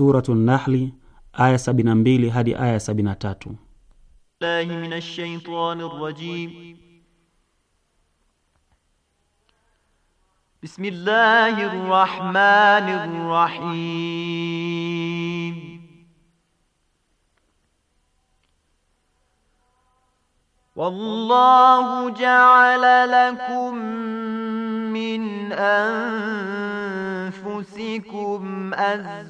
Suratu Nahli aya 72 hadi aya 73. Billahi minash shaitanir rajim. Bismillahir rahmanir rahim. والله جعل لكم من أنفسكم أزواجا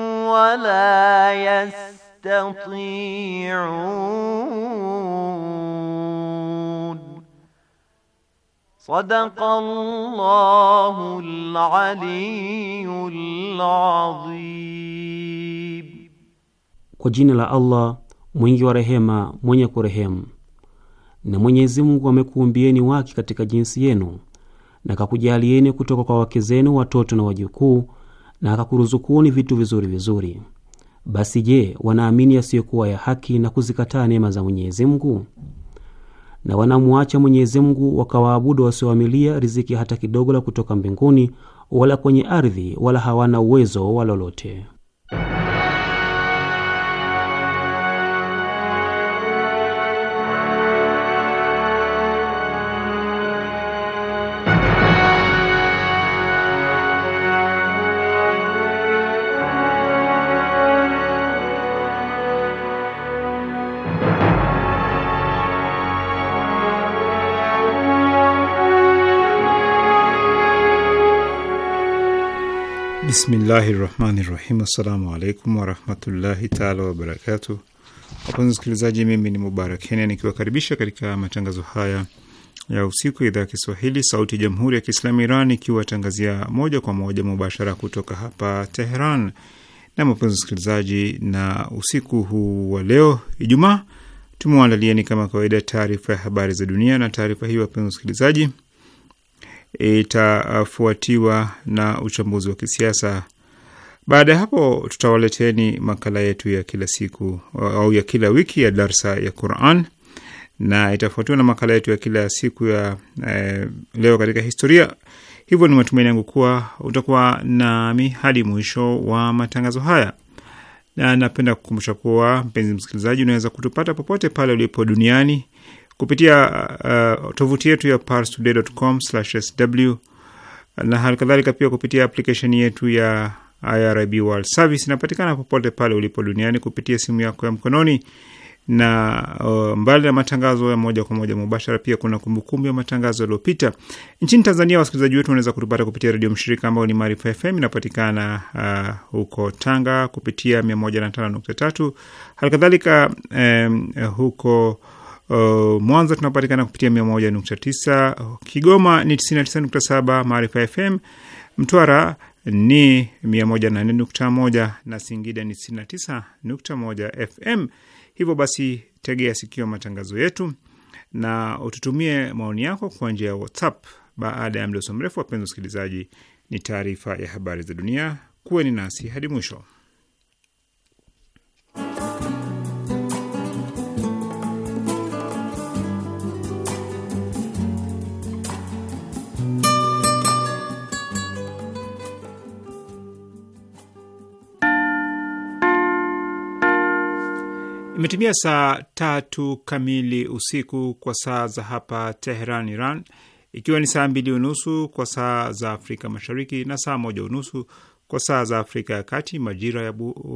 ولا يستطيعون صدق الله العلي العظيم Kwa jina la Allah mwingi wa rehema mwenye kurehemu. Na Mwenyezi Mungu amekuumbieni wake katika jinsi yenu na kakujalieni kutoka kwa wake zenu watoto na wajukuu na akakuruzukuni vitu vizuri vizuri. Basi je, wanaamini yasiyokuwa ya haki na kuzikataa neema za Mwenyezi Mungu? Na wanamuacha Mwenyezi Mungu wakawaabudu wasioamilia riziki hata kidogo la kutoka mbinguni wala kwenye ardhi wala hawana uwezo wa lolote. Bismillahi rahmani rahim. Assalamu alaikum warahmatullahi taala wabarakatu. Wapenzi wasikilizaji, mimi ni Mubarak Kenya nikiwakaribisha katika matangazo haya ya usiku ya idhaa ya Kiswahili sauti ya jamhuri ya Kiislamu Iran ikiwatangazia moja kwa moja mubashara kutoka hapa Teheran. Na wapenzi msikilizaji, na usiku huu wa leo Ijumaa tumewaandalieni kama kawaida taarifa ya habari za dunia, na taarifa hii wapenzi msikilizaji itafuatiwa na uchambuzi wa kisiasa. Baada ya hapo, tutawaleteni makala yetu ya kila siku au ya kila wiki ya darsa ya Quran na itafuatiwa na makala yetu ya kila siku ya eh, leo katika historia. Hivyo ni matumaini yangu kuwa utakuwa nami hadi mwisho wa matangazo haya, na napenda kukumbusha kuwa mpenzi msikilizaji, unaweza kutupata popote pale ulipo duniani kupitia uh, tovuti yetu ya parstoday.com/sw na hali kadhalika pia kupitia aplikesheni yetu ya IRIB World Service. Inapatikana popote pale ulipo duniani kupitia simu yako ya mkononi na uh, mbali na matangazo ya moja kwa moja mubashara, pia kuna kumbukumbu ya matangazo yaliyopita. Nchini Tanzania, wasikilizaji wetu wanaweza kutupata kupitia redio mshirika ambayo ni Maarifa FM, inapatikana uh, huko Tanga kupitia 105.3, halikadhalika um, uh, huko Uh, Mwanza tunapatikana kupitia 101.9, Kigoma ni 99.7, Maarifa FM, Mtwara ni 104.1 na Singida ni 99.1 FM. Hivyo basi tegea sikio matangazo yetu na ututumie maoni yako kwa njia ya WhatsApp. Baada ya mdoso mrefu, wapenzi wasikilizaji, ni taarifa ya habari za dunia. Kuweni nasi hadi mwisho. Imetimia saa tatu kamili usiku kwa saa za hapa Teheran, Iran, ikiwa ni saa mbili unusu kwa saa za Afrika Mashariki na saa moja unusu kwa saa za Afrika ya Kati, majira ya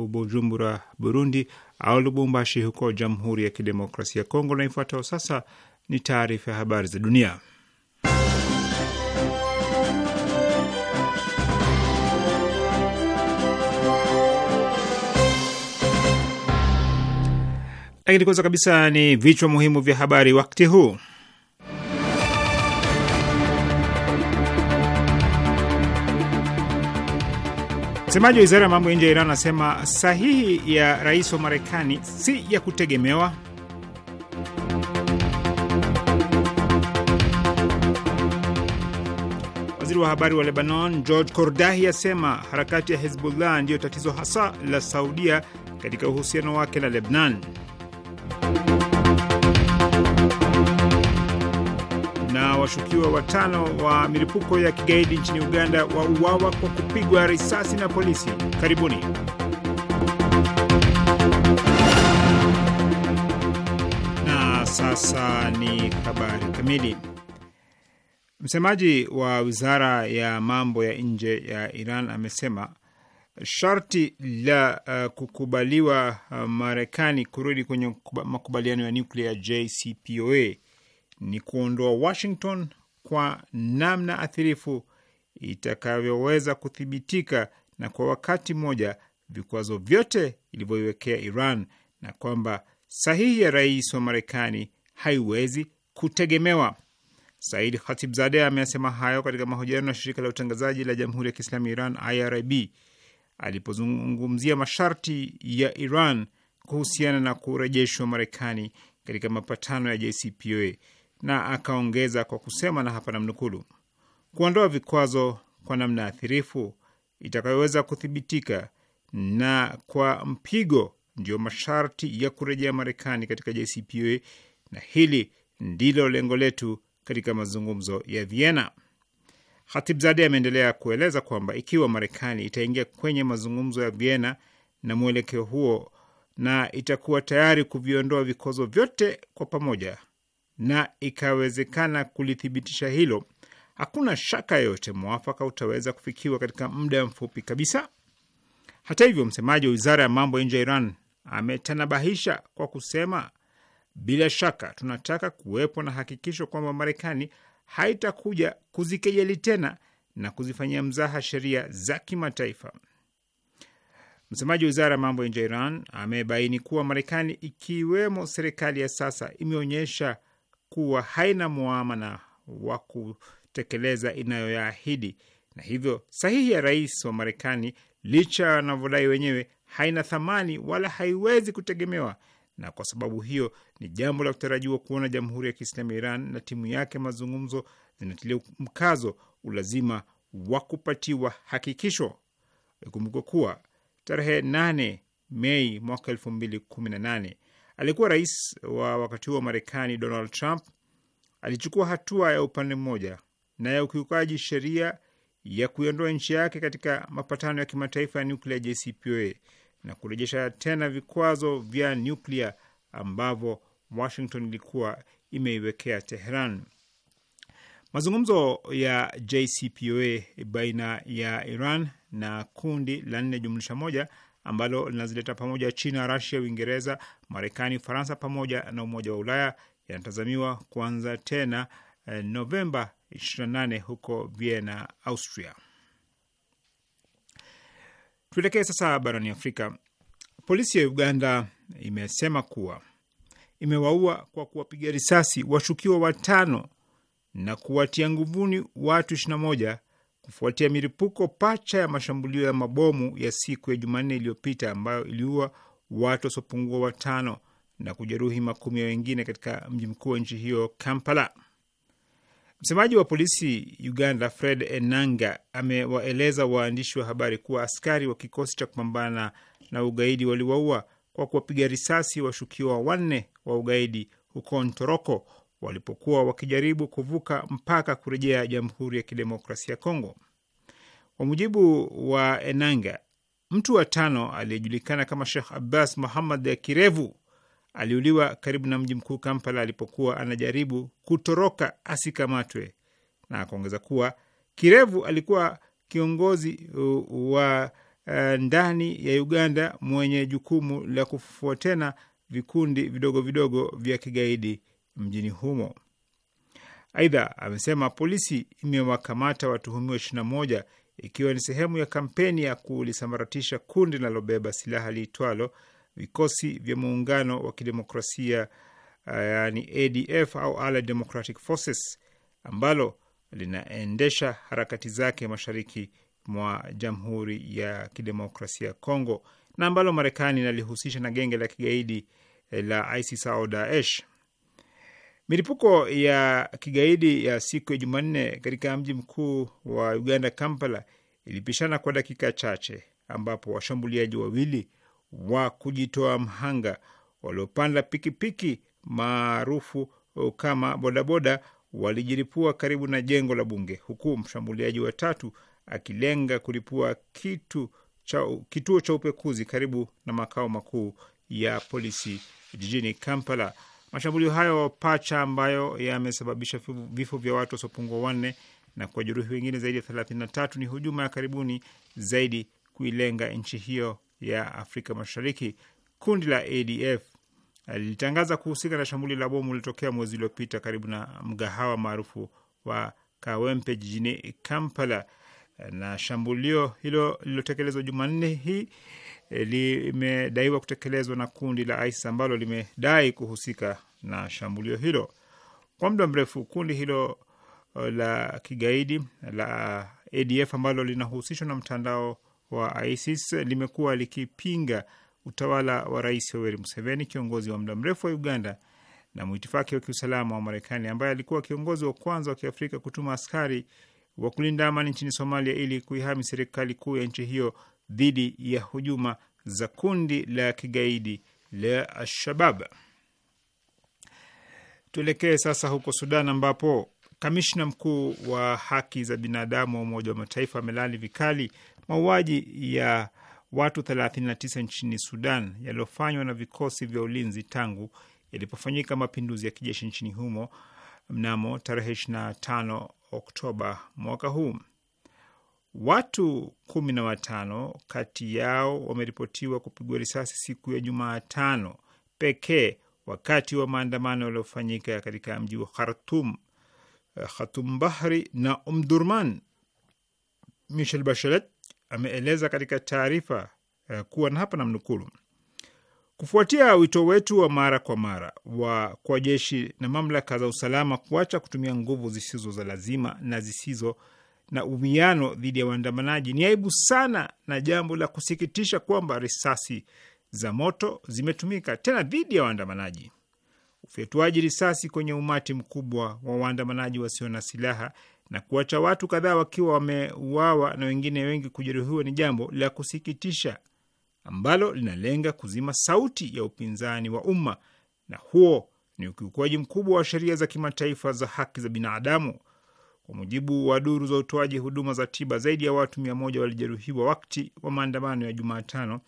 Bujumbura, Burundi, au Lubumbashi huko Jamhuri ya Kidemokrasia ya Kongo. Na ifuatayo sasa ni taarifa ya habari za dunia. Lakini kwanza kabisa ni vichwa muhimu vya habari wakati huu. Msemaji wa wizara ya mambo ya nje ya Iran anasema sahihi ya rais wa Marekani si ya kutegemewa. Waziri wa habari wa Lebanon George Kordahi asema harakati ya Hezbollah ndiyo tatizo hasa la Saudia katika uhusiano wake na Lebnan. na washukiwa watano wa milipuko ya kigaidi nchini Uganda wauawa kwa kupigwa risasi na polisi. Karibuni. Na sasa ni habari kamili. Msemaji wa wizara ya mambo ya nje ya Iran amesema sharti la uh, kukubaliwa uh, Marekani kurudi kwenye makubaliano ya nyuklia JCPOA ni kuondoa Washington kwa namna athirifu itakavyoweza kuthibitika na kwa wakati mmoja vikwazo vyote ilivyoiwekea Iran na kwamba sahihi ya rais wa Marekani haiwezi kutegemewa. Said Khatibzadeh amesema hayo katika mahojiano na shirika la utangazaji la Jamhuri ya Kiislamu ya Iran IRIB alipozungumzia masharti ya Iran kuhusiana na kurejeshwa Marekani katika mapatano ya JCPOA na akaongeza kwa kusema, na hapa namnukulu, kuondoa vikwazo kwa namna athirifu itakayoweza kuthibitika na kwa mpigo ndio masharti ya kurejea Marekani katika JCPOA na hili ndilo lengo letu katika mazungumzo ya Vienna. Hatibzade ameendelea kueleza kwamba ikiwa Marekani itaingia kwenye mazungumzo ya Vienna na mwelekeo huo na itakuwa tayari kuviondoa vikwazo vyote kwa pamoja, na ikawezekana kulithibitisha hilo, hakuna shaka yoyote mwafaka utaweza kufikiwa katika muda mfupi kabisa. Hata hivyo, msemaji wa wizara ya mambo ya nje ya Iran ametanabahisha kwa kusema, bila shaka tunataka kuwepo na hakikisho kwamba Marekani haitakuja kuzikejeli tena na kuzifanyia mzaha sheria za kimataifa. Msemaji wa wizara ya mambo ya nje ya Iran amebaini kuwa Marekani, ikiwemo serikali ya sasa, imeonyesha kuwa haina mwamana wa kutekeleza inayoyaahidi na hivyo sahihi ya rais wa Marekani, licha ya wanavyodai wenyewe, haina thamani wala haiwezi kutegemewa. Na kwa sababu hiyo ni jambo la kutarajiwa kuona Jamhuri ya Kiislamu ya Iran na timu yake mazungumzo zinatilia mkazo ulazima wa kupatiwa hakikisho. Ikumbukwe kuwa tarehe 8 Mei mwaka 2018 Alikuwa rais wa wakati huo wa Marekani Donald Trump alichukua hatua ya upande mmoja na ya ukiukaji sheria ya kuiondoa nchi yake katika mapatano ya kimataifa ya nuklia JCPOA na kurejesha tena vikwazo vya nuklia ambavyo Washington ilikuwa imeiwekea Teheran. Mazungumzo ya JCPOA baina ya Iran na kundi la nne jumlisha moja ambalo linazileta pamoja China, Rasia, Uingereza, Marekani, Ufaransa pamoja na Umoja wa Ulaya yanatazamiwa kuanza tena eh, Novemba 28 huko Vienna, Austria. Tuelekee sasa barani Afrika. Polisi ya Uganda imesema kuwa imewaua kwa kuwapiga risasi washukiwa watano na kuwatia nguvuni watu 21 kufuatia milipuko pacha ya mashambulio ya mabomu ya siku ya Jumanne iliyopita ambayo iliua watu wasiopungua watano na kujeruhi makumi ya wengine katika mji mkuu wa nchi hiyo Kampala. Msemaji wa polisi Uganda Fred Enanga amewaeleza waandishi wa habari kuwa askari wa kikosi cha kupambana na ugaidi waliwaua kwa kuwapiga risasi washukiwa wanne wa ugaidi huko Ntoroko walipokuwa wakijaribu kuvuka mpaka kurejea Jamhuri ya Kidemokrasia ya Kongo. Kwa mujibu wa Enanga, mtu wa tano aliyejulikana kama Sheikh Abbas Muhammad Kirevu aliuliwa karibu na mji mkuu Kampala alipokuwa anajaribu kutoroka asikamatwe, na akaongeza kuwa Kirevu alikuwa kiongozi uh, wa uh, ndani ya Uganda mwenye jukumu la kufufua tena vikundi vidogo vidogo vya kigaidi mjini humo. Aidha, amesema polisi imewakamata watuhumiwa 21 ikiwa ni sehemu ya kampeni ya kulisambaratisha kundi linalobeba silaha liitwalo vikosi vya muungano wa kidemokrasia eh, yani ADF au Allied Democratic Forces ambalo linaendesha harakati zake mashariki mwa Jamhuri ya Kidemokrasia ya Kongo na ambalo Marekani inalihusisha na genge la kigaidi eh, la ISIS au Daesh. Milipuko ya kigaidi ya siku ya Jumanne katika mji mkuu wa Uganda, Kampala, ilipishana kwa dakika chache, ambapo washambuliaji wawili wa kujitoa mhanga waliopanda pikipiki maarufu kama bodaboda walijiripua karibu na jengo la bunge, huku mshambuliaji wa tatu akilenga kulipua kitu cha, kituo cha upekuzi karibu na makao makuu ya polisi jijini Kampala. Mashambulio hayo pacha ambayo yamesababisha vifo vya watu wasiopungua wanne na kuwajeruhi wengine zaidi ya thelathini na tatu ni hujuma ya karibuni zaidi kuilenga nchi hiyo ya Afrika Mashariki. Kundi la ADF lilitangaza kuhusika na shambulio la bomu lilitokea mwezi uliopita karibu na mgahawa maarufu wa Kawempe jijini Kampala, na shambulio hilo lililotekelezwa Jumanne hii eh, limedaiwa kutekelezwa na kundi la ISIS ambalo limedai kuhusika na shambulio hilo. Kwa muda mrefu kundi hilo uh, la kigaidi la ADF ambalo linahusishwa na mtandao wa ISIS limekuwa likipinga utawala wa Rais Yoweri Museveni, kiongozi wa muda mrefu wa Uganda na mwitifaki wa kiusalama wa Marekani, ambaye alikuwa kiongozi wa kwanza wa kiafrika kutuma askari wa kulinda amani nchini Somalia ili kuihami serikali kuu ya nchi hiyo dhidi ya hujuma za kundi la kigaidi la Alshabab. Tuelekee sasa huko Sudan ambapo kamishna mkuu wa haki za binadamu wa Umoja wa Mataifa amelali vikali mauaji ya watu 39 nchini Sudan yaliyofanywa na vikosi vya ulinzi tangu yalipofanyika mapinduzi ya kijeshi nchini humo mnamo tarehe 25 Oktoba mwaka huu. Watu kumi na watano kati yao wameripotiwa kupigwa risasi siku ya Jumatano pekee wakati wa maandamano yaliyofanyika katika mji wa Khartum, eh, Khatum Bahri na umdurman Michel Bachelet ameeleza katika taarifa eh, kuwa na hapa namnukulu: Kufuatia wito wetu wa mara kwa mara wa kwa jeshi na mamlaka za usalama kuacha kutumia nguvu zisizo za lazima na zisizo na uwiano dhidi ya waandamanaji, ni aibu sana na jambo la kusikitisha kwamba risasi za moto zimetumika tena dhidi ya waandamanaji. Ufyatuaji risasi kwenye umati mkubwa wa waandamanaji wasio na silaha na kuacha watu kadhaa wakiwa wameuawa na wengine wengi kujeruhiwa ni jambo la kusikitisha ambalo linalenga kuzima sauti ya upinzani wa umma, na huo ni ukiukuaji mkubwa wa sheria za kimataifa za haki za binadamu. Kwa mujibu wa duru za utoaji huduma za tiba, zaidi ya watu mia moja walijeruhiwa wakati wa maandamano ya Jumatano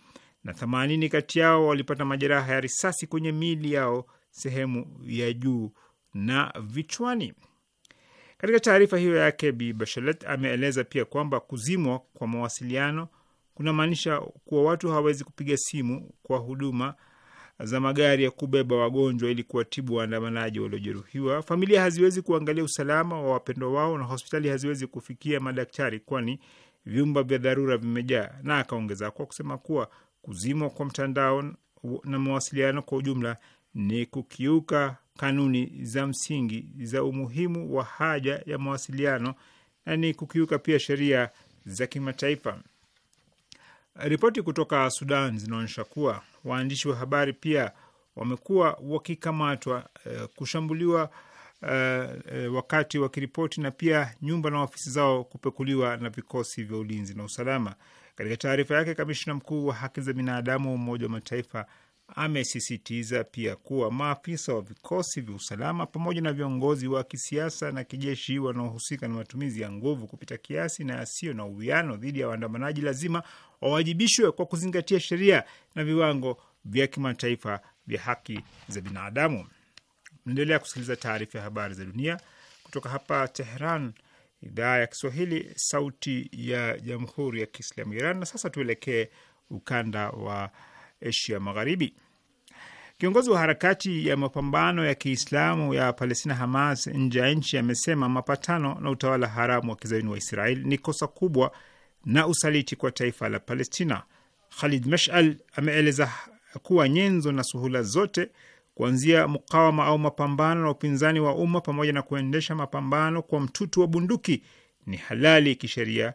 na themanini kati yao walipata majeraha ya risasi kwenye miili yao sehemu ya juu na vichwani. Katika taarifa hiyo yake, Bi Bachelet ameeleza pia kwamba kuzimwa kwa mawasiliano kunamaanisha kuwa watu hawawezi kupiga simu kwa huduma za magari ya kubeba wagonjwa ili kuwatibu waandamanaji waliojeruhiwa. Familia haziwezi kuangalia usalama wa wapendwa wao na hospitali haziwezi kufikia madaktari, kwani vyumba vya dharura vimejaa. Na akaongeza kwa kusema kuwa kuzimwa kwa mtandao na mawasiliano kwa ujumla ni kukiuka kanuni za msingi za umuhimu wa haja ya mawasiliano na ni kukiuka pia sheria za kimataifa. Ripoti kutoka Sudan zinaonyesha kuwa waandishi wa habari pia wamekuwa wakikamatwa, eh, kushambuliwa eh, eh, wakati wakiripoti na pia nyumba na ofisi zao kupekuliwa na vikosi vya ulinzi na usalama. Katika taarifa yake, kamishina mkuu wa haki za binadamu wa Umoja wa Mataifa amesisitiza pia kuwa maafisa wa vikosi vya usalama pamoja na viongozi wa kisiasa na kijeshi wanaohusika na matumizi ya nguvu kupita kiasi na yasiyo na uwiano dhidi ya waandamanaji lazima wawajibishwe kwa kuzingatia sheria na viwango vya kimataifa vya haki za binadamu. Mnaendelea kusikiliza taarifa ya habari za dunia kutoka hapa Tehran, idhaa ya Kiswahili, sauti ya jamhuri ya kiislamu ya Iran. Na sasa tuelekee ukanda wa Asia Magharibi. Kiongozi wa harakati ya mapambano ya kiislamu ya Palestina, Hamas, nje ya nchi amesema mapatano na utawala haramu wa kizayuni wa Israel ni kosa kubwa na usaliti kwa taifa la Palestina. Khalid Mashal ameeleza kuwa nyenzo na suhula zote kuanzia mukawama au mapambano na upinzani wa umma pamoja na kuendesha mapambano kwa mtutu wa bunduki ni halali kisheria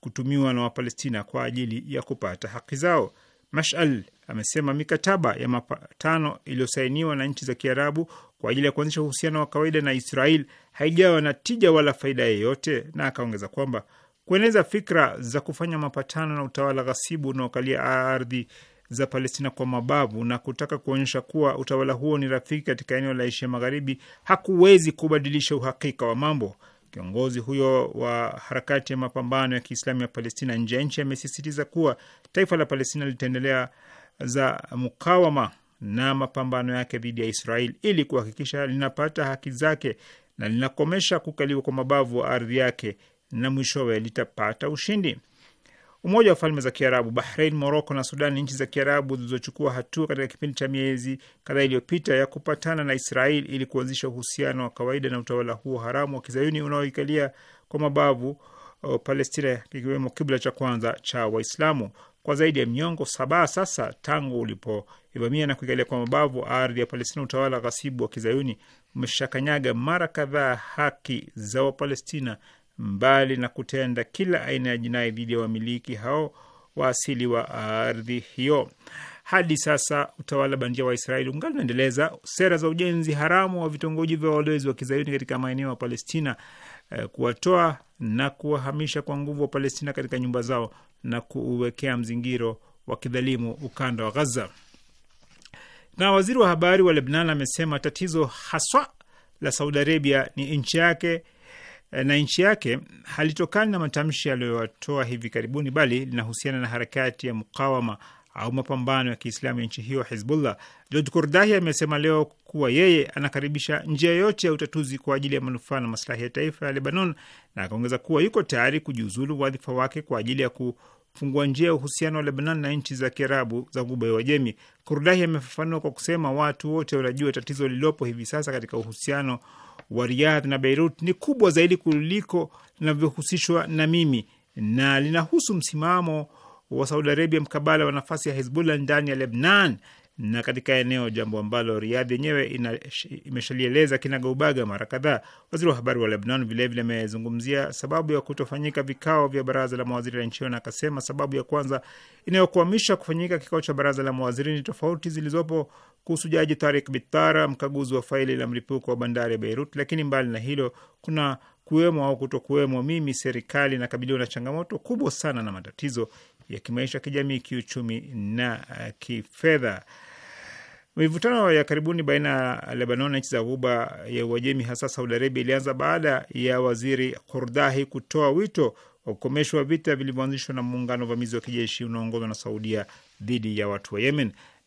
kutumiwa na Wapalestina kwa ajili ya kupata haki zao. Mashal amesema mikataba ya mapatano iliyosainiwa na nchi za Kiarabu kwa ajili ya kuanzisha uhusiano wa kawaida na Israel haijawa na tija wala faida yeyote, na akaongeza kwamba kueneza fikra za kufanya mapatano na utawala ghasibu unaokalia ardhi za Palestina kwa mabavu na kutaka kuonyesha kuwa utawala huo ni rafiki katika eneo la Asia Magharibi hakuwezi kubadilisha uhakika wa mambo. Kiongozi huyo wa harakati ya mapambano ya Kiislamu ya Palestina nje ya nchi amesisitiza kuwa taifa la Palestina litaendelea za mukawama na mapambano yake dhidi ya israel ili kuhakikisha linapata haki zake na linakomesha kukaliwa kwa mabavu wa ardhi yake na mwishowe litapata ushindi. Umoja wa Falme za Kiarabu, Bahrain, Moroko na Sudan ni nchi za Kiarabu zilizochukua hatua katika kipindi cha miezi kadhaa iliyopita ya kupatana na Israel ili kuanzisha uhusiano wa kawaida na utawala huo haramu wa kizayuni unaoikalia kwa mabavu o, uh, Palestina, kikiwemo kibla cha kwanza cha Waislamu kwa zaidi ya miongo saba sasa tangu ulipoivamia na kuikalia kwa mabavu ardhi ya Palestina. Utawala ghasibu wa kizayuni umeshakanyaga mara kadhaa haki za Wapalestina mbali na kutenda kila aina ya jinai dhidi ya wamiliki hao wa asili wa ardhi hiyo. Hadi sasa utawala bandia wa Israeli ungali unaendeleza sera za ujenzi haramu wa vitongoji vya walowezi wa kizayuni katika maeneo ya Palestina, eh, kuwatoa na kuwahamisha kwa nguvu wa Palestina katika nyumba zao na kuuwekea mzingiro wa kidhalimu ukanda wa Gaza. Na waziri wa habari wa Lebnan amesema tatizo haswa la Saudi Arabia ni nchi yake Eh, na nchi yake halitokani na matamshi aliyoyatoa hivi karibuni, bali linahusiana na harakati ya mukawama au mapambano ya Kiislamu ya nchi hiyo Hizbullah. George Kordahi amesema leo kuwa yeye anakaribisha njia yote ya utatuzi kwa ajili ya manufaa na maslahi ya taifa ya Lebanon, na akaongeza kuwa yuko tayari kujiuzulu wadhifa wake kwa ajili ya kufungua njia ya uhusiano wa Lebanon na nchi za Kiarabu za Ghuba ya Uajemi. Kordahi amefafanua kwa kusema, watu wote wanajua tatizo lililopo hivi sasa katika uhusiano wa Riyadh na Beirut ni kubwa zaidi kuliko linavyohusishwa na mimi na linahusu msimamo wa Saudi Arabia mkabala wa nafasi ya Hezbollah ndani ya Lebnan na katika eneo, jambo ambalo Riyadh yenyewe imeshalieleza kinagaubaga mara kadhaa. Waziri wa habari wa Lebnan vilevile amezungumzia sababu ya kutofanyika vikao vya baraza la mawaziri la nchi hiyo, na akasema sababu ya kwanza inayokwamisha kufanyika kikao cha baraza la mawaziri ni tofauti zilizopo kuhusu Jaji Tarik Bitara, mkaguzi wa faili la mlipuko wa bandari ya Beirut. Lakini mbali na hilo, kuna kuwemo au kutokuwemo mimi, serikali inakabiliwa na changamoto kubwa sana na matatizo ya kimaisha, kijamii, kiuchumi na eh, kifedha. Mivutano ya karibuni baina ya Lebanon na nchi za Ghuba ya Uajemi, hasa Saudi Arabia, ilianza baada ya waziri Kordahi kutoa wito wa kukomeshwa vita vilivyoanzishwa na muungano wa vamizi wa kijeshi unaoongozwa na Saudia dhidi ya watu wa Yemen.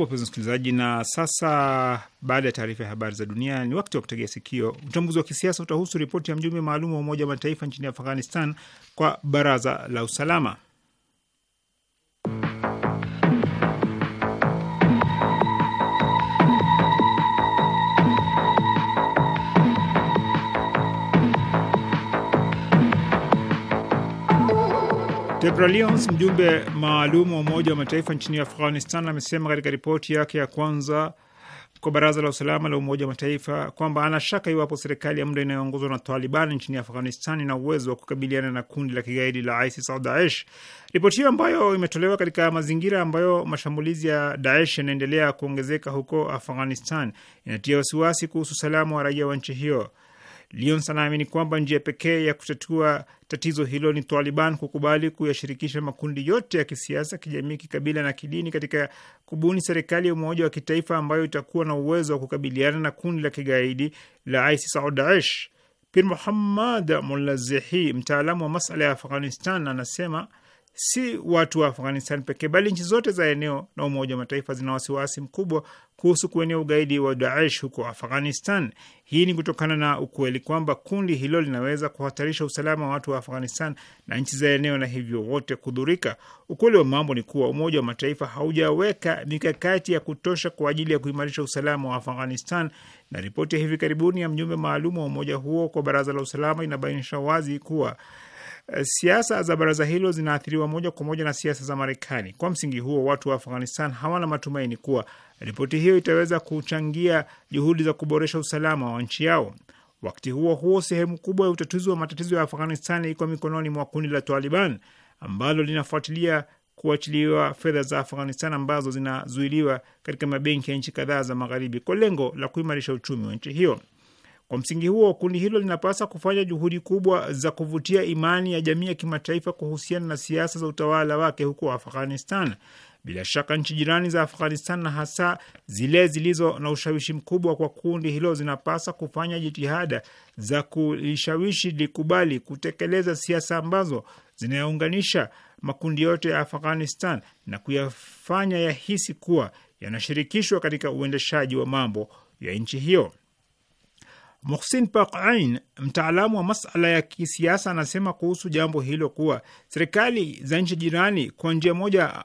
Wapenzi msikilizaji, na sasa baada ya taarifa ya habari za dunia ni wakati wa kutegea sikio. Uchambuzi wa kisiasa utahusu ripoti ya mjumbe maalum wa Umoja wa Mataifa nchini Afghanistan kwa Baraza la Usalama. Tedros Lyons, mjumbe maalum wa Umoja wa Mataifa nchini Afghanistan, amesema katika ripoti yake ya kwanza kwa Baraza la Usalama la Umoja wa Mataifa kwamba ana shaka iwapo serikali ya muda inayoongozwa na Taliban nchini Afghanistan ina uwezo wa kukabiliana na kundi la kigaidi la ISIS au Daesh. Ripoti hiyo ambayo imetolewa katika mazingira ambayo mashambulizi ya Daesh yanaendelea kuongezeka huko Afghanistan inatia wasiwasi kuhusu usalama wa raia wa nchi hiyo lions anaamini kwamba njia pekee ya kutatua tatizo hilo ni Taliban kukubali kuyashirikisha makundi yote ya kisiasa, kijamii, kikabila na kidini katika kubuni serikali ya umoja wa kitaifa ambayo itakuwa na uwezo wa kukabiliana na kundi la kigaidi la ISIS au Daesh. Pir Muhammad Mulazihi, mtaalamu wa masala ya Afghanistan, anasema si watu wa Afghanistan pekee bali nchi zote za eneo na Umoja wa Mataifa zina wasiwasi mkubwa kuhusu kuenea ugaidi wa Daesh huko Afghanistan. Hii ni kutokana na ukweli kwamba kundi hilo linaweza kuhatarisha usalama wa watu wa Afghanistan na nchi za eneo na hivyo wote kudhurika. Ukweli wa mambo ni kuwa Umoja wa Mataifa haujaweka mikakati ya kutosha kwa ajili ya kuimarisha usalama wa Afghanistan, na ripoti ya hivi karibuni ya mjumbe maalum wa umoja huo kwa Baraza la Usalama inabainisha wazi kuwa Eh, siasa za baraza hilo zinaathiriwa moja kwa moja na siasa za Marekani. Kwa msingi huo, watu wa Afghanistan hawana matumaini kuwa ripoti hiyo itaweza kuchangia juhudi za kuboresha usalama wa nchi yao. Wakati huo huo, sehemu kubwa ya utatuzi wa matatizo ya Afghanistan iko mikononi mwa kundi la Taliban ambalo linafuatilia kuachiliwa fedha za Afghanistan ambazo zinazuiliwa katika mabenki ya nchi kadhaa za Magharibi kwa lengo la kuimarisha uchumi wa nchi hiyo. Kwa msingi huo, kundi hilo linapaswa kufanya juhudi kubwa za kuvutia imani ya jamii ya kimataifa kuhusiana na siasa za utawala wake huko Afghanistan. Bila shaka nchi jirani za Afghanistan na hasa zile zilizo na ushawishi mkubwa kwa kundi hilo zinapaswa kufanya jitihada za kulishawishi likubali kutekeleza siasa ambazo zinayounganisha makundi yote ya Afghanistan na kuyafanya yahisi kuwa yanashirikishwa katika uendeshaji wa mambo ya nchi hiyo. Muhsin Pakain, mtaalamu wa masala ya kisiasa, anasema kuhusu jambo hilo kuwa serikali za nchi jirani kwa njia moja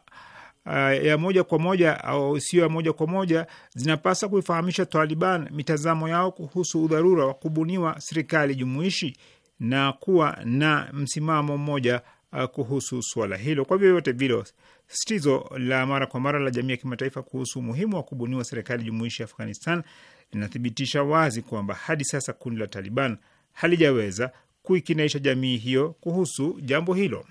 Uh, ya moja kwa moja au sio ya moja kwa moja zinapaswa kuifahamisha Taliban mitazamo yao kuhusu udharura wa kubuniwa serikali jumuishi na kuwa na msimamo mmoja uh, kuhusu suala hilo. Kwa vyovyote vile, sisitizo la mara kwa mara la jamii ya kimataifa kuhusu umuhimu wa kubuniwa serikali jumuishi ya Afghanistan linathibitisha wazi kwamba hadi sasa kundi la Taliban halijaweza kuikinaisha jamii hiyo kuhusu jambo hilo.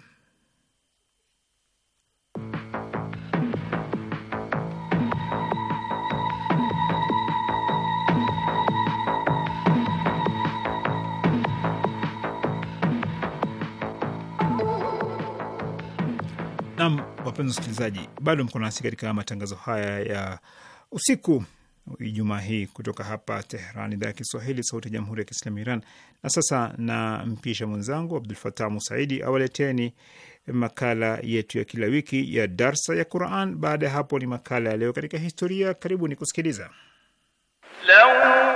Nam, wapenzi wasikilizaji, bado mko nasi katika matangazo haya ya usiku Ijumaa hii kutoka hapa Tehran, idhaa ya Kiswahili, sauti ya jamhuri ya kiislamu Iran. Na sasa na mpisha mwenzangu Abdul Fatah Musaidi awaleteni makala yetu ya kila wiki ya darsa ya Quran. Baada ya hapo ni makala ya leo katika historia. ni kusikiliza Law.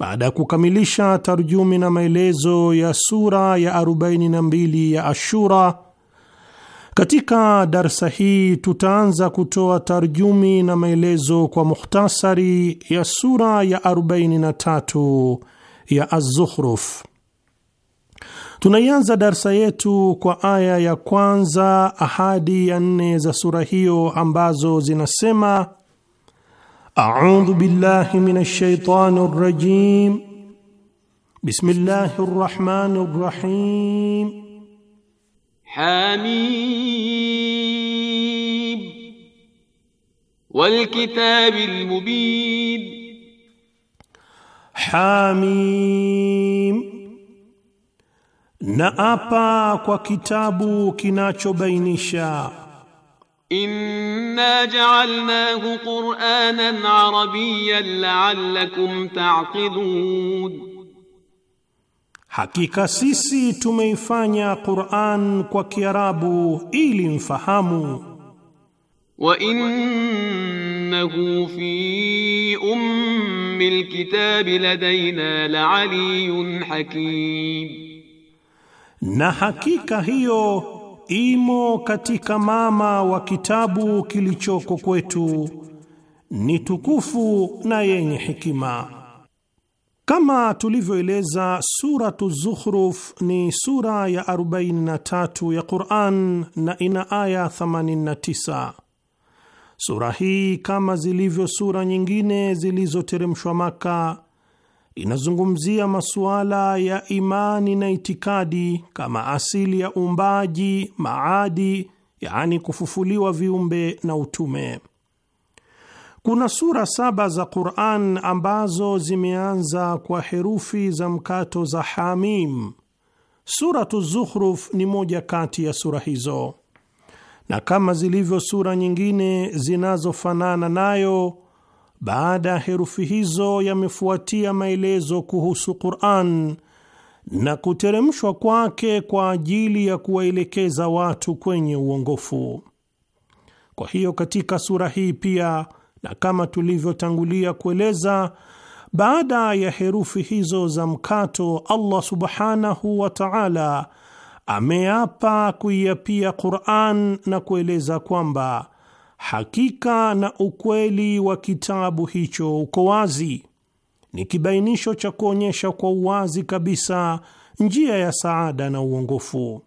baada ya kukamilisha tarjumi na maelezo ya sura ya 42 ya Ashura, katika darsa hii tutaanza kutoa tarjumi na maelezo kwa mukhtasari ya sura ya 43 ya Az-Zukhruf. Tunaianza darsa yetu kwa aya ya kwanza ahadi ya nne za sura hiyo ambazo zinasema أعوذ بالله من الشيطان الرجيم بسم الله الرحمن الرحيم حميم والكتاب المبين حميم na apa kwa kitabu kinachobainisha إنا جعلناه قرآنا عربيا لعلكم تعقلون Hakika sisi tumeifanya Qur'an kwa Kiarabu ili mfahamu. Wa innahu fi ummil kitabi ladaina la'aliyyun hakim. Na hakika hiyo imo katika mama wa kitabu kilichoko kwetu, ni tukufu na yenye hikima. Kama tulivyoeleza, Suratu Zukhruf ni sura ya 43 ya Quran na ina aya 89. Sura hii kama zilivyo sura nyingine zilizoteremshwa Maka inazungumzia masuala ya imani na itikadi kama asili ya uumbaji, maadi, yaani kufufuliwa viumbe na utume. Kuna sura saba za Qur'an ambazo zimeanza kwa herufi za mkato za Hamim. Suratu Zukhruf ni moja kati ya sura hizo, na kama zilivyo sura nyingine zinazofanana nayo baada ya herufi hizo yamefuatia maelezo kuhusu Qur'an na kuteremshwa kwake kwa ajili ya kuwaelekeza watu kwenye uongofu. Kwa hiyo katika sura hii pia, na kama tulivyotangulia kueleza, baada ya herufi hizo za mkato, Allah subhanahu wa ta'ala ameapa kuiapia Qur'an na kueleza kwamba Hakika na ukweli wa kitabu hicho uko wazi, ni kibainisho cha kuonyesha kwa uwazi kabisa njia ya saada na uongofu.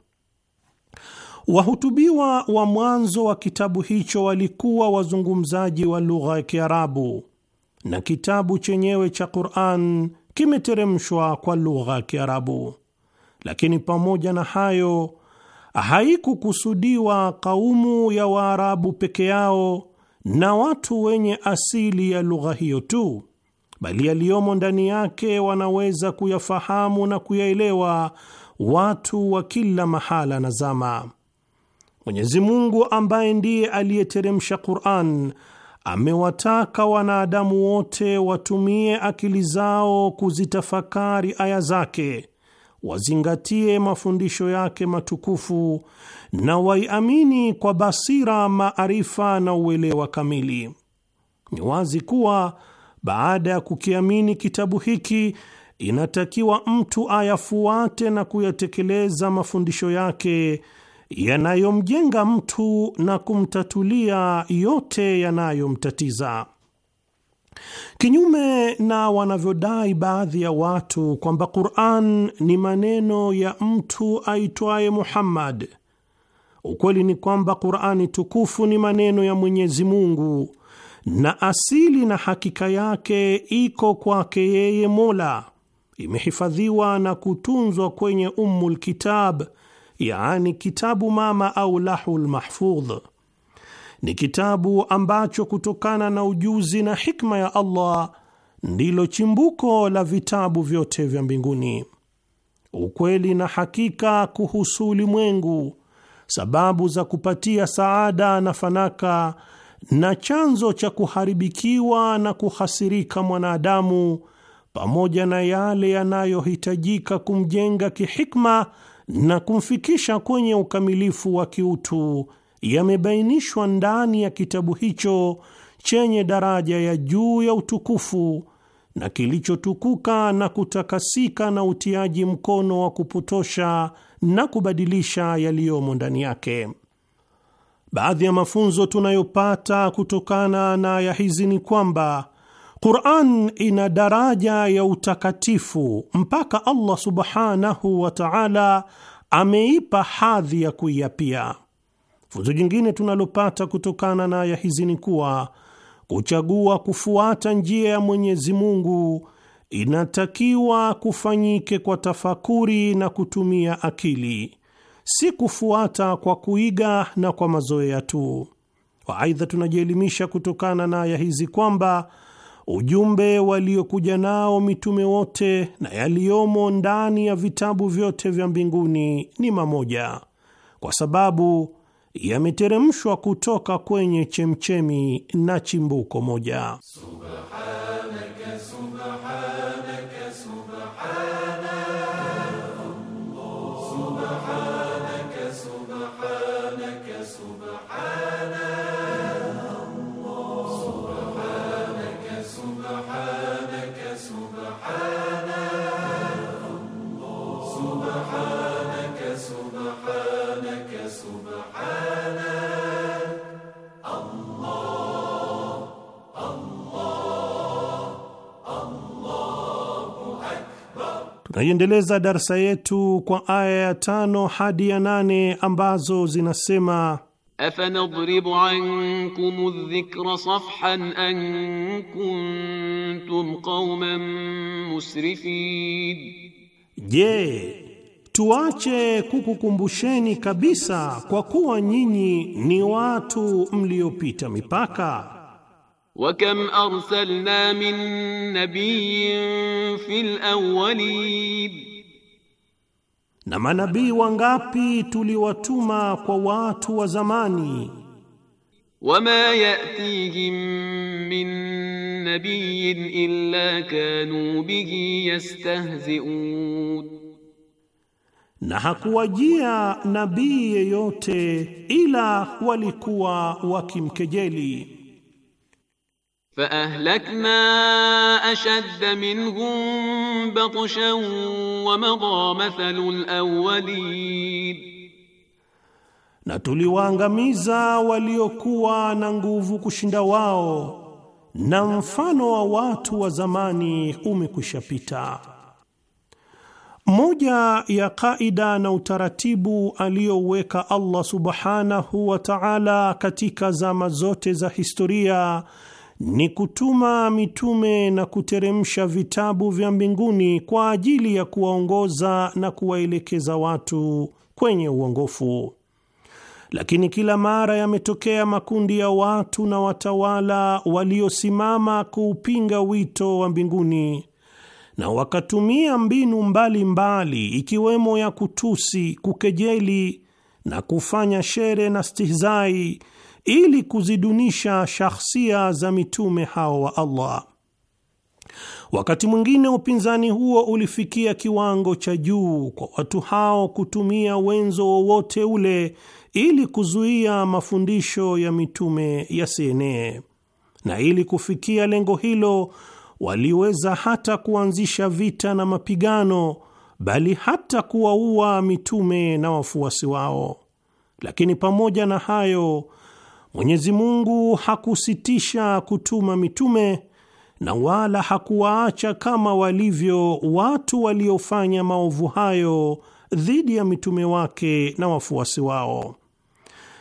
Wahutubiwa wa mwanzo wa kitabu hicho walikuwa wazungumzaji wa lugha ya Kiarabu na kitabu chenyewe cha Qur'an kimeteremshwa kwa lugha ya Kiarabu, lakini pamoja na hayo haikukusudiwa kaumu ya Waarabu peke yao na watu wenye asili ya lugha hiyo tu, bali yaliyomo ndani yake wanaweza kuyafahamu na kuyaelewa watu wa kila mahala na zama. Mwenyezi Mungu ambaye ndiye aliyeteremsha Qur'an amewataka wanadamu wote watumie akili zao kuzitafakari aya zake wazingatie mafundisho yake matukufu na waiamini kwa basira, maarifa na uelewa kamili. Ni wazi kuwa baada ya kukiamini kitabu hiki inatakiwa mtu ayafuate na kuyatekeleza mafundisho yake yanayomjenga mtu na kumtatulia yote yanayomtatiza. Kinyume na wanavyodai baadhi ya watu kwamba Qur'an ni maneno ya mtu aitwaye Muhammad, ukweli ni kwamba Qur'ani tukufu ni maneno ya Mwenyezi Mungu na asili na hakika yake iko kwake yeye Mola, imehifadhiwa na kutunzwa kwenye Ummul Kitab, yaani kitabu mama au Lahul Mahfudh ni kitabu ambacho kutokana na ujuzi na hikma ya Allah ndilo chimbuko la vitabu vyote vya mbinguni, ukweli na hakika kuhusu ulimwengu, sababu za kupatia saada na fanaka, na chanzo cha kuharibikiwa na kuhasirika mwanadamu, pamoja na yale yanayohitajika kumjenga kihikma na kumfikisha kwenye ukamilifu wa kiutu yamebainishwa ndani ya kitabu hicho chenye daraja ya juu ya utukufu na kilichotukuka na kutakasika na utiaji mkono wa kupotosha na kubadilisha yaliyomo ndani yake. Baadhi ya mafunzo tunayopata kutokana na aya hizi ni kwamba Qur'an ina daraja ya utakatifu mpaka Allah Subhanahu wa Ta'ala ameipa hadhi ya kuiapia. Funzo jingine tunalopata kutokana na aya hizi ni kuwa kuchagua kufuata njia ya Mwenyezi Mungu inatakiwa kufanyike kwa tafakuri na kutumia akili, si kufuata kwa kuiga na kwa mazoea tu. Waaidha, tunajielimisha kutokana na aya hizi kwamba ujumbe waliokuja nao mitume wote na yaliyomo ndani ya vitabu vyote vya mbinguni ni mamoja, kwa sababu yameteremshwa kutoka kwenye chemchemi na chimbuko moja Subhan Tunaiendeleza darsa yetu kwa aya ya tano hadi ya nane ambazo zinasema afanadribu ankum dhikra safhan an kuntum qauman musrifin, je, tuache kukukumbusheni kabisa kwa kuwa nyinyi ni watu mliopita mipaka. Wakam arsalna min nabiyyin fil awwalin, na manabii wangapi tuliwatuma kwa watu wa zamani. Wama yatihim min nabiyyin illa kanu bihi yastahzi'un, na hakuwajia nabii yeyote ila walikuwa wakimkejeli. فأهلكنا أشد منهم بطشا ومضى مثل الأولين, na tuliwaangamiza waliokuwa na nguvu kushinda wao na mfano wa watu wa zamani umekwisha pita. Moja ya kaida na utaratibu aliyouweka Allah subhanahu wa ta'ala katika zama zote za historia ni kutuma mitume na kuteremsha vitabu vya mbinguni kwa ajili ya kuwaongoza na kuwaelekeza watu kwenye uongofu. Lakini kila mara yametokea makundi ya watu na watawala waliosimama kuupinga wito wa mbinguni na wakatumia mbinu mbalimbali mbali, ikiwemo ya kutusi, kukejeli na kufanya shere na stihzai ili kuzidunisha shahsia za mitume hao wa Allah. Wakati mwingine upinzani huo ulifikia kiwango cha juu kwa watu hao kutumia wenzo wowote ule ili kuzuia mafundisho ya mitume yasienee, na ili kufikia lengo hilo waliweza hata kuanzisha vita na mapigano, bali hata kuwaua mitume na wafuasi wao. Lakini pamoja na hayo Mwenyezi Mungu hakusitisha kutuma mitume na wala hakuwaacha kama walivyo watu waliofanya maovu hayo dhidi ya mitume wake na wafuasi wao.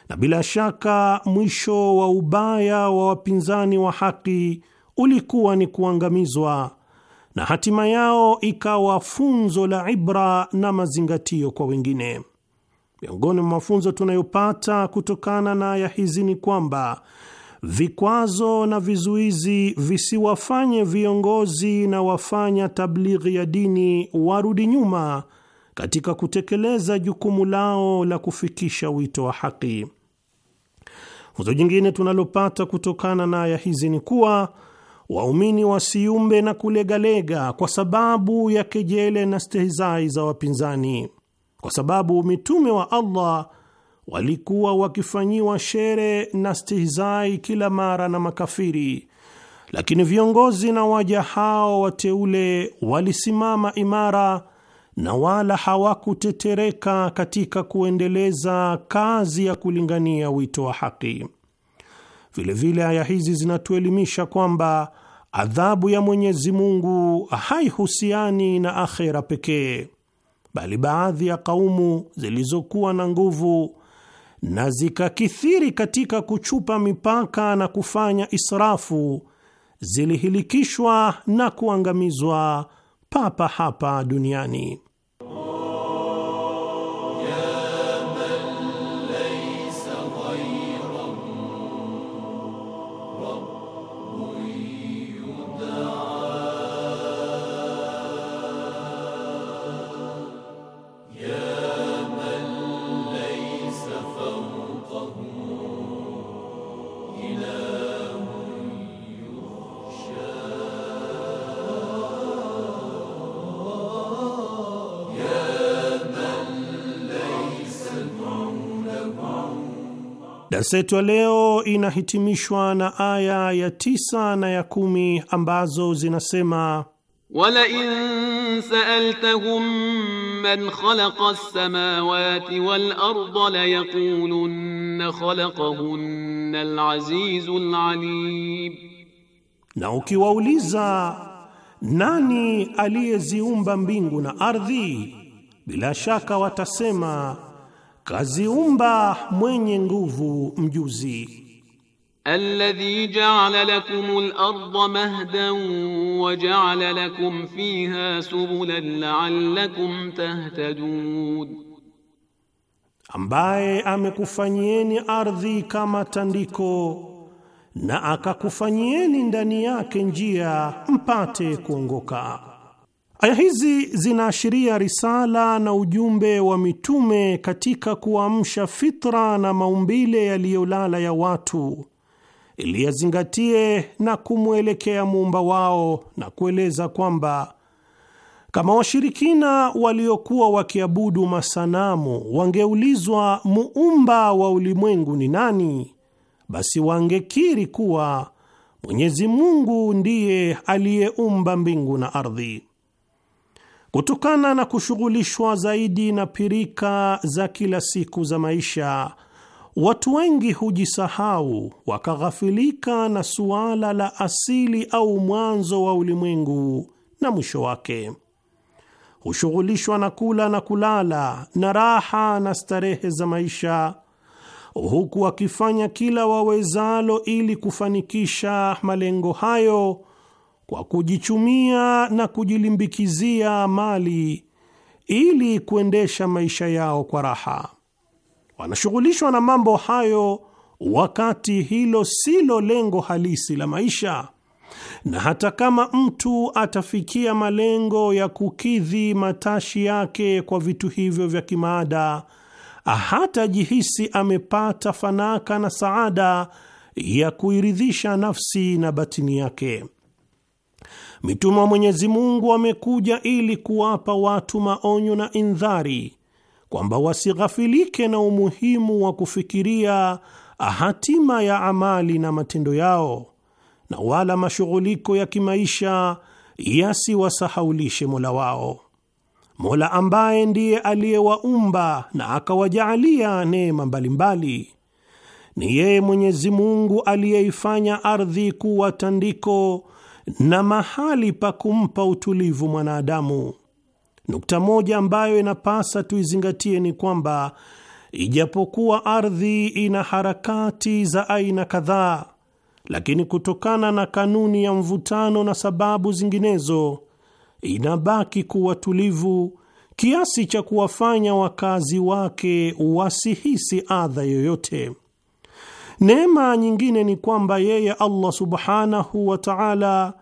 Na bila shaka mwisho wa ubaya wa wapinzani wa haki ulikuwa ni kuangamizwa, na hatima yao ikawa funzo la ibra na mazingatio kwa wengine. Miongoni mwa mafunzo tunayopata kutokana na aya hizi ni kwamba vikwazo na vizuizi visiwafanye viongozi na wafanya tablighi ya dini warudi nyuma katika kutekeleza jukumu lao la kufikisha wito wa haki. Funzo jingine tunalopata kutokana na aya hizi ni kuwa waumini wasiumbe na kulegalega kwa sababu ya kejele na stehizai za wapinzani kwa sababu mitume wa Allah walikuwa wakifanyiwa shere na stihzai kila mara na makafiri, lakini viongozi na waja hao wateule walisimama imara na wala hawakutetereka katika kuendeleza kazi ya kulingania wito wa haki. Vilevile aya hizi zinatuelimisha kwamba adhabu ya Mwenyezi Mungu haihusiani na akhera pekee bali baadhi ya kaumu zilizokuwa na nguvu na zikakithiri katika kuchupa mipaka na kufanya israfu zilihilikishwa na kuangamizwa papa hapa duniani. Darsa yetu ya leo inahitimishwa na aya ya tisa na ya kumi ambazo zinasema Walain saaltahum man khalaqa as-samawati wal arda layaqulunna khalaqahunna al-azizul alim, na ukiwauliza nani aliyeziumba mbingu na ardhi, bila shaka watasema Kaziumba mwenye nguvu mjuzi. Alladhi ja'ala al-ardha mahdan wa ja'ala lakum fiha subulan la'allakum tahtadun, ambaye amekufanyieni ardhi kama tandiko na akakufanyieni ndani yake njia mpate kuongoka. Aya hizi zinaashiria risala na ujumbe wa mitume katika kuamsha fitra na maumbile yaliyolala ya watu ili yazingatie na kumwelekea muumba wao, na kueleza kwamba kama washirikina waliokuwa wakiabudu masanamu wangeulizwa muumba wa ulimwengu ni nani, basi wangekiri kuwa Mwenyezi Mungu ndiye aliyeumba mbingu na ardhi. Kutokana na kushughulishwa zaidi na pirika za kila siku za maisha, watu wengi hujisahau wakaghafilika na suala la asili au mwanzo wa ulimwengu na mwisho wake. Hushughulishwa na kula na kulala na raha na starehe za maisha, huku wakifanya kila wawezalo ili kufanikisha malengo hayo kwa kujichumia na kujilimbikizia mali ili kuendesha maisha yao kwa raha. Wanashughulishwa na mambo hayo wakati hilo silo lengo halisi la maisha. Na hata kama mtu atafikia malengo ya kukidhi matashi yake kwa vitu hivyo vya kimaada, hatajihisi amepata fanaka na saada ya kuiridhisha nafsi na batini yake. Mitume wa Mwenyezi Mungu wamekuja ili kuwapa watu maonyo na indhari kwamba wasighafilike na umuhimu wa kufikiria hatima ya amali na matendo yao, na wala mashughuliko ya kimaisha yasiwasahaulishe Mola wao, Mola ambaye ndiye aliyewaumba na akawajaalia neema mbalimbali. Ni yeye Mwenyezi Mungu aliyeifanya ardhi kuwa tandiko na mahali pa kumpa utulivu mwanadamu. Nukta moja ambayo inapasa tuizingatie ni kwamba ijapokuwa ardhi ina harakati za aina kadhaa, lakini kutokana na kanuni ya mvutano na sababu zinginezo, inabaki kuwa tulivu kiasi cha kuwafanya wakazi wake wasihisi adha yoyote. Neema nyingine ni kwamba yeye Allah subhanahu wa ta'ala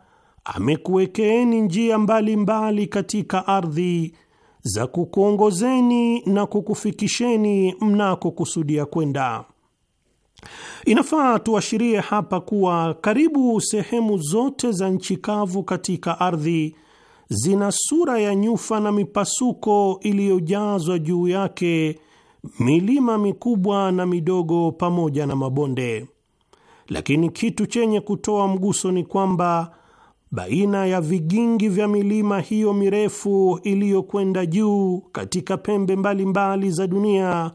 amekuwekeeni njia mbalimbali mbali katika ardhi za kukuongozeni na kukufikisheni mnakokusudia kwenda. Inafaa tuashirie hapa kuwa karibu sehemu zote za nchi kavu katika ardhi zina sura ya nyufa na mipasuko iliyojazwa juu yake milima mikubwa na midogo pamoja na mabonde, lakini kitu chenye kutoa mguso ni kwamba baina ya vigingi vya milima hiyo mirefu iliyokwenda juu katika pembe mbalimbali mbali za dunia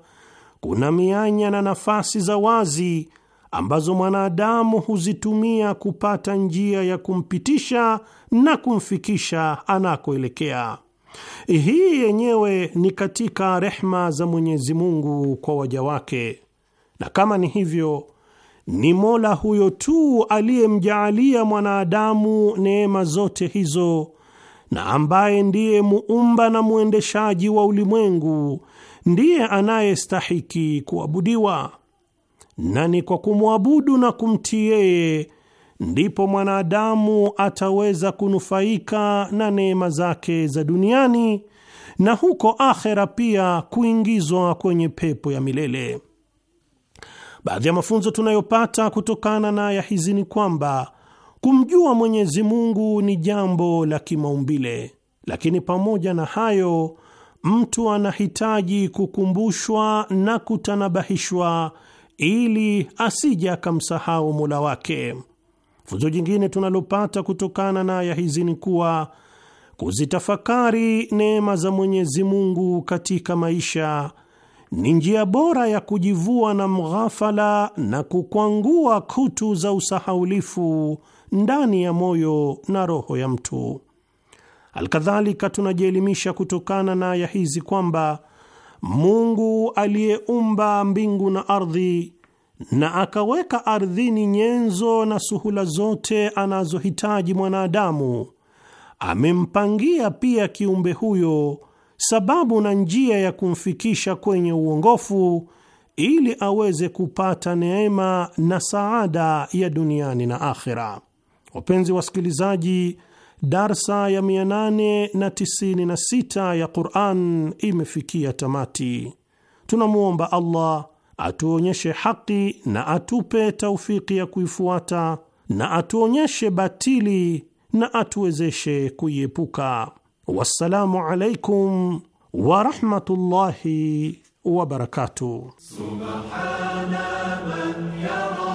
kuna mianya na nafasi za wazi ambazo mwanadamu huzitumia kupata njia ya kumpitisha na kumfikisha anakoelekea. Hii yenyewe ni katika rehma za Mwenyezi Mungu kwa waja wake, na kama ni hivyo ni Mola huyo tu aliyemjaalia mwanadamu neema zote hizo na ambaye ndiye muumba na mwendeshaji wa ulimwengu, ndiye anayestahiki kuabudiwa, na ni kwa kumwabudu na kumtii yeye ndipo mwanadamu ataweza kunufaika na neema zake za duniani na huko akhera pia kuingizwa kwenye pepo ya milele. Baadhi ya mafunzo tunayopata kutokana na aya hizi ni kwamba kumjua Mwenyezi Mungu ni jambo la kimaumbile, lakini pamoja na hayo mtu anahitaji kukumbushwa na kutanabahishwa ili asije akamsahau Mola wake. Funzo jingine tunalopata kutokana na aya hizi ni kuwa kuzitafakari neema za Mwenyezi Mungu katika maisha ni njia bora ya kujivua na mghafala na kukwangua kutu za usahaulifu ndani ya moyo na roho ya mtu. Alkadhalika, tunajielimisha kutokana na aya hizi kwamba Mungu aliyeumba mbingu na ardhi na akaweka ardhini nyenzo na suhula zote anazohitaji mwanadamu amempangia pia kiumbe huyo sababu na njia ya kumfikisha kwenye uongofu ili aweze kupata neema na saada ya duniani na akhira. Wapenzi wasikilizaji, darsa ya 896 ya Quran imefikia tamati. Tunamwomba Allah atuonyeshe haki na atupe taufiki ya kuifuata na atuonyeshe batili na atuwezeshe kuiepuka. والسلام عليكم ورحمة الله وبركاته سبحان من يرى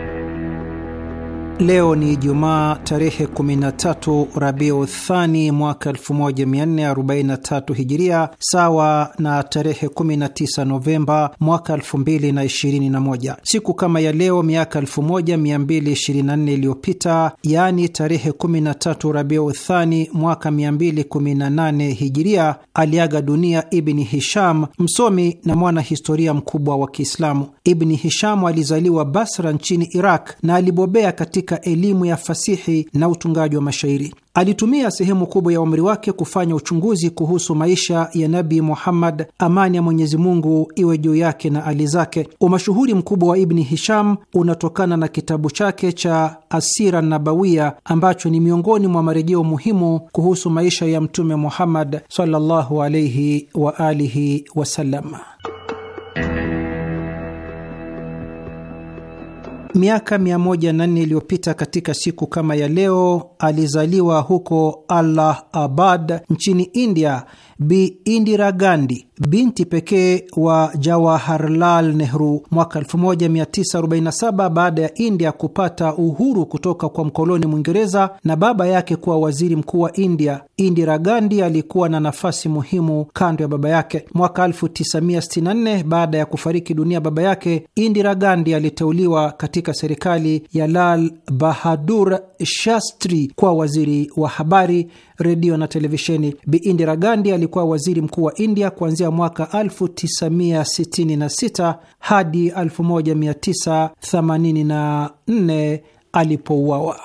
Leo ni Jumaa tarehe 13 Rabiu Thani mwaka 1443 Hijiria, sawa na tarehe 19 Novemba mwaka 2021. Siku kama ya leo miaka 1224 iliyopita, yaani tarehe 13 Rabiu Thani mwaka 218 Hijiria, aliaga dunia Ibni Hisham, msomi na mwanahistoria mkubwa wa Kiislamu. Ibni Hisham alizaliwa Basra nchini Iraq na alibobea katika katika elimu ya fasihi na utungaji wa mashairi. Alitumia sehemu kubwa ya umri wake kufanya uchunguzi kuhusu maisha ya Nabi Muhammad, amani ya Mwenyezi Mungu iwe juu yake na ali zake. Umashuhuri mkubwa wa Ibni Hisham unatokana na kitabu chake cha Asira Nabawiya ambacho ni miongoni mwa marejeo muhimu kuhusu maisha ya Mtume Muhammad sallallahu alaihi wa alihi wasallam. miaka 104 iliyopita katika siku kama ya leo alizaliwa huko Allahabad nchini India Bi Indira Gandhi, binti pekee wa Jawaharlal Nehru, mwaka 1947 baada ya India kupata uhuru kutoka kwa mkoloni Mwingereza na baba yake kuwa waziri mkuu wa India. Indira Gandhi alikuwa na nafasi muhimu kando ya baba yake. Mwaka 1964 baada ya kufariki dunia baba yake, Indira Gandhi aliteuliwa katika serikali ya Lal Bahadur Shastri kuwa waziri wa habari redio na televisheni. Bi Indira Gandhi alikuwa waziri mkuu wa India kuanzia mwaka 1966 hadi 1984 alipouawa.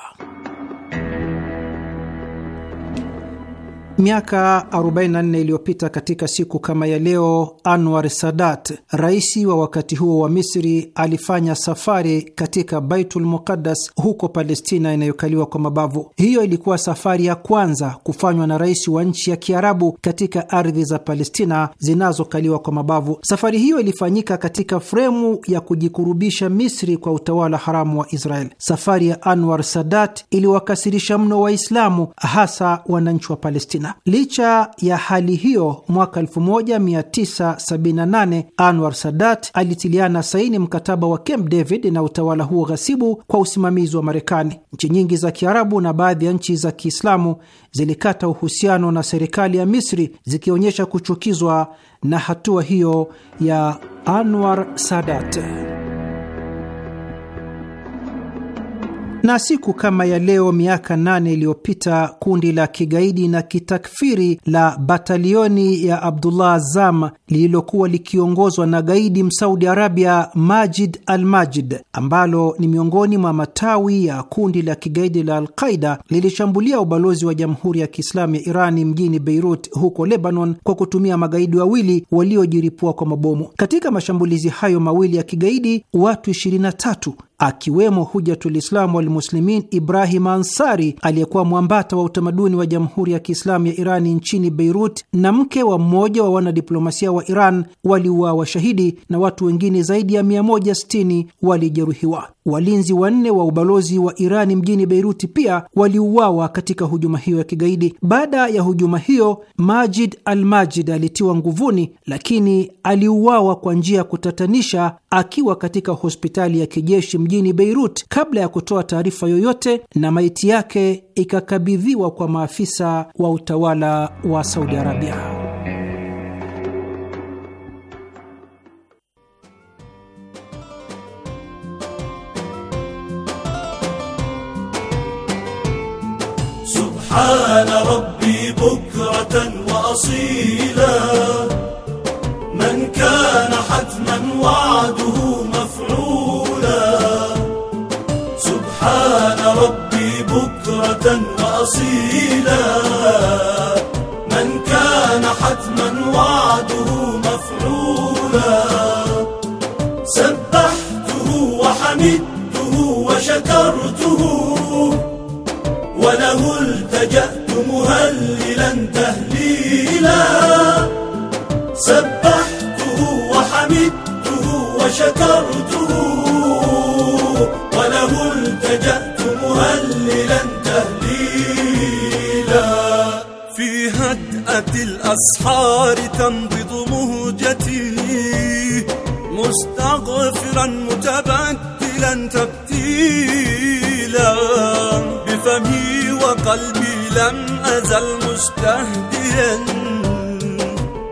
Miaka 44 iliyopita katika siku kama ya leo, Anwar Sadat, rais wa wakati huo wa Misri, alifanya safari katika Baitul Muqaddas huko Palestina inayokaliwa kwa mabavu. Hiyo ilikuwa safari ya kwanza kufanywa na rais wa nchi ya Kiarabu katika ardhi za Palestina zinazokaliwa kwa mabavu. Safari hiyo ilifanyika katika fremu ya kujikurubisha Misri kwa utawala haramu wa Israel. Safari ya Anwar Sadat iliwakasirisha mno Waislamu, hasa wananchi wa Palestina sana. Licha ya hali hiyo, mwaka 1978 Anwar Sadat alitiliana saini mkataba wa Camp David na utawala huo ghasibu kwa usimamizi wa Marekani. Nchi nyingi za Kiarabu na baadhi ya nchi za Kiislamu zilikata uhusiano na serikali ya Misri zikionyesha kuchukizwa na hatua hiyo ya Anwar Sadat. Na siku kama ya leo miaka nane iliyopita kundi la kigaidi na kitakfiri la batalioni ya Abdullah Azam lililokuwa likiongozwa na gaidi Msaudi Arabia Majid al Majid, ambalo ni miongoni mwa matawi ya kundi la kigaidi la Alqaida lilishambulia ubalozi wa Jamhuri ya Kiislamu ya Irani mjini Beirut huko Lebanon kwa kutumia magaidi wawili waliojiripua kwa mabomu. Katika mashambulizi hayo mawili ya kigaidi watu 23 akiwemo Hujatulislamu Walmuslimin Ibrahim Ansari aliyekuwa mwambata wa utamaduni wa Jamhuri ya Kiislamu ya Irani nchini Beirut na mke wa mmoja wa wanadiplomasia wa Iran waliuawa shahidi na watu wengine zaidi ya 160 walijeruhiwa. Walinzi wanne wa ubalozi wa Irani mjini Beiruti pia waliuawa katika hujuma hiyo ya kigaidi. Baada ya hujuma hiyo, Majid al-Majid alitiwa nguvuni, lakini aliuawa kwa njia ya kutatanisha akiwa katika hospitali ya kijeshi mjini Beirut kabla ya kutoa taarifa yoyote, na maiti yake ikakabidhiwa kwa maafisa wa utawala wa Saudi Arabia. سبحان ربي بكرة وأصيلا من كان حتما وعده مفعولا سبحان ربي بكرة وأصيلا فجأت مهللا تهليلا سبحته وحمدته وشكرته وله التجأت مهللا تهليلا في هدأة الأسحار تنبض مهجتي مستغفرا متبدلا تبتيلا بفمي قلبي لم أزل مجتهديا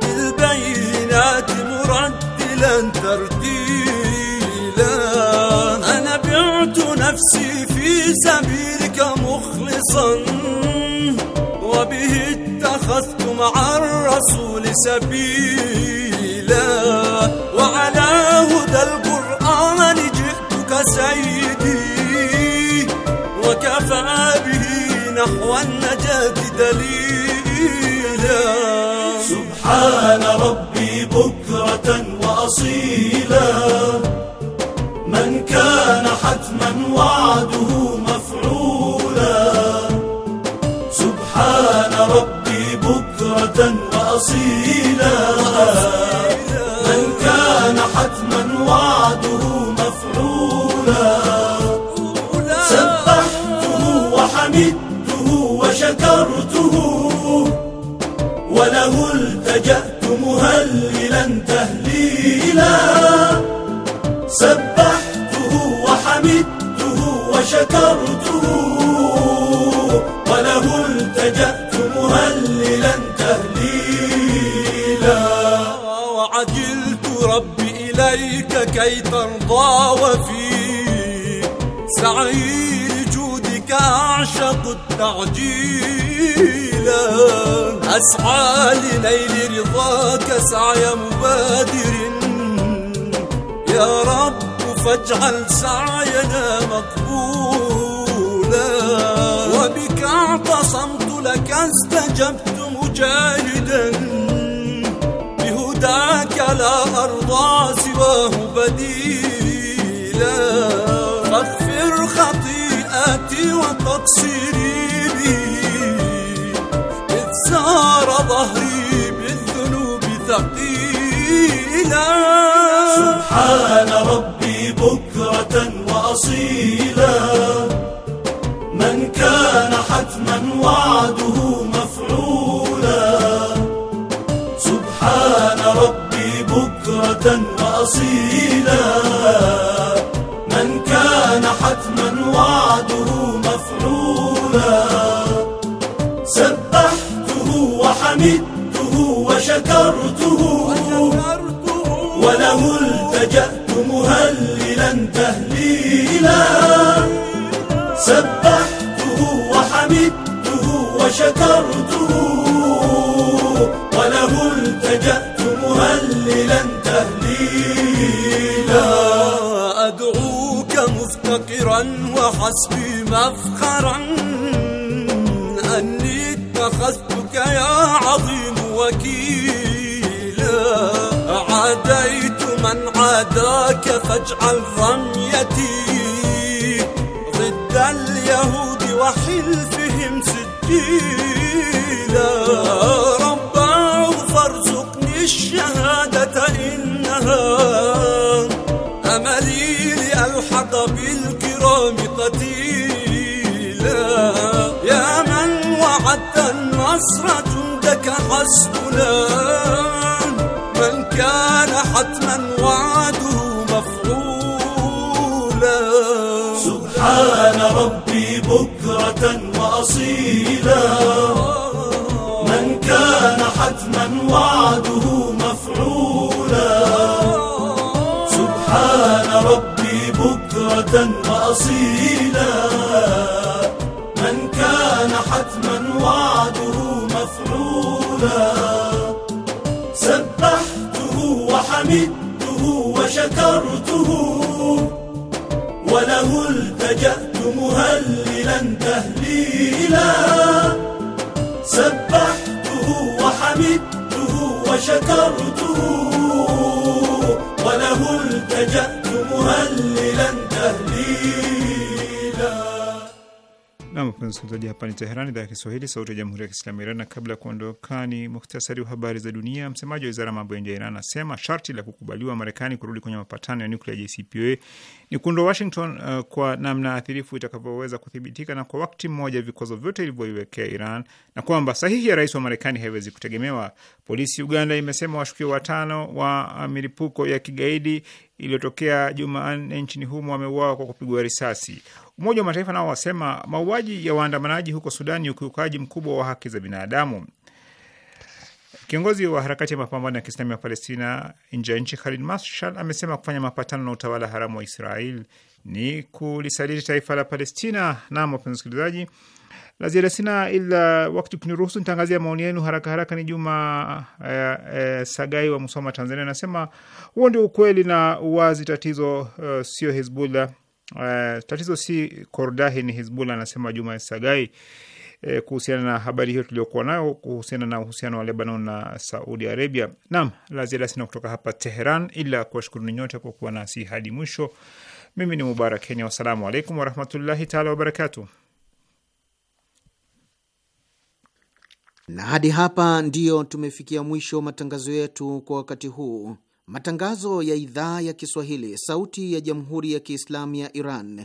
بالبينات مرتلا ترتيلا أنا بعت نفسي في سبيلك مخلصا وبه اتخذت مع الرسول سبيلا وعلى هدى القرآن جئتك سيدي وكفاك نحو النجاة دليلا سبحان ربي بكرة واصيلا من كان حتما وعده مفعولا سبحان ربي بكرة واصيلا من كان حتما وعده مفعولا سبحته وحمدته شكرته وله التجأت مهللا تهليلا سبحته وحمدته وشكرته وله التجأت مهللا تهليلا وعجلت رب إليك كي ترضى وفي سعيد أعشق التعجيل أسعى لنيل رضاك سعي مبادر يا رب فاجعل سعينا مقبولا وبك اعتصمت لك استجبت مجاهدا بهداك لا أرضى سواه بديلا فاغفر خطيئتي وكفر سريري إذ سار ظهري بالذنوب ثقيلا سبحان ربي بكرة وأصيلا من كان حتما وعده مفعولا سبحان ربي بكرة وأصيلا من كان حتما وعده شكرته وله التجأت مهللا تهليلا سبحته وحمدته وشكرته وله التجأت مهللا تهليلا أدعوك مفتقرا وحسبي مفخرا واجعل رميتي ضد اليهود وحلفهم سجيلا ربا فارزقني الشهادة إنها أملي لألحق بالكرام قتيلا يا من وعدت النصر جندك حسبنا من كان حتما وعده أصيلا من كان حتما وعده مفعولا سبحان ربي بكرة وأصيلا من كان حتما وعده مفعولا سبحته وحمدته وشكرته وله التجأت مهلا تهليلا سبحته وحمدته وشكرته وله التجأت مهللا hapa ni Teherani, idhaa ya Kiswahili, sauti ya jamhuri ya kiislamu Iran. Na kabla ya kuondokani mukhtasari muhtasari wa habari za dunia. Msemaji wa wizara ya mambo ya nje ya Iran anasema sharti la kukubaliwa Marekani kurudi kwenye mapatano ya nuklia JCPOA Nyekundu wa Washington uh, kwa namna athirifu itakavyoweza kuthibitika na kwa wakati mmoja vikwazo vyote ilivyoiwekea Iran na kwamba sahihi ya rais wa Marekani haiwezi kutegemewa. Polisi Uganda imesema washukiwa watano wa uh, milipuko ya kigaidi iliyotokea Jumanne nchini humo wameuawa kwa kupigwa risasi. Umoja wa Mataifa nao wasema mauaji ya waandamanaji huko Sudani ni ukiukaji mkubwa wa haki za binadamu. Kiongozi wa harakati ya mapambano ya Kiislamu ya Palestina nje ya nchi Khalid Mashal amesema kufanya mapatano na utawala haramu wa Israel ni kulisaliti taifa la Palestina. Na wapenzi wasikilizaji, la ziada sina, ila wakati kuniruhusu nitangazia maoni yenu haraka haraka. Ni Juma eh, eh, Sagai wa Musoma, Tanzania, anasema huo ndio ukweli na uwazi. Tatizo uh, sio Hizbullah. uh, tatizo si Kordahi, ni Hizbullah, anasema Juma Sagai e, kuhusiana na habari hiyo tuliokuwa nayo kuhusiana na uhusiano wa Lebanon na Saudi Arabia. Naam, la ziada sina kutoka hapa Teheran, ila kuwashukuruni nyote kwa kuwa nasi hadi mwisho. Mimi ni Mubarak Kenya, wassalamu alaikum warahmatullahi taala wabarakatu. Na hadi hapa ndiyo tumefikia mwisho matangazo yetu kwa wakati huu. Matangazo ya idhaa ya Kiswahili, sauti ya jamhuri ya Kiislamu ya Iran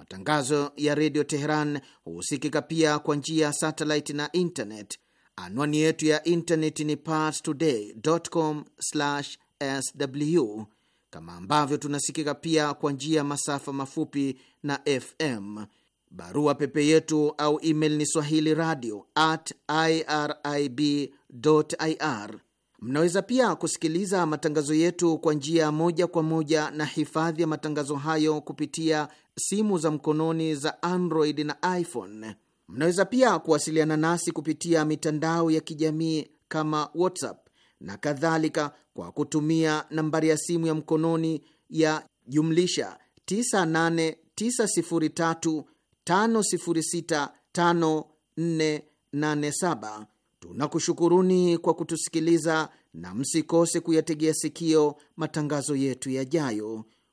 Matangazo ya redio Teheran husikika pia kwa njia ya satellite na internet. Anwani yetu ya internet ni parstoday.com/sw, kama ambavyo tunasikika pia kwa njia ya masafa mafupi na FM. Barua pepe yetu au email ni swahili radio at ir. Mnaweza pia kusikiliza matangazo yetu kwa njia moja kwa moja na hifadhi ya matangazo hayo kupitia simu za mkononi za Android na iPhone. Mnaweza pia kuwasiliana nasi kupitia mitandao ya kijamii kama WhatsApp na kadhalika kwa kutumia nambari ya simu ya mkononi ya jumlisha 989035065487. Tunakushukuruni kwa kutusikiliza na msikose kuyategea sikio matangazo yetu yajayo.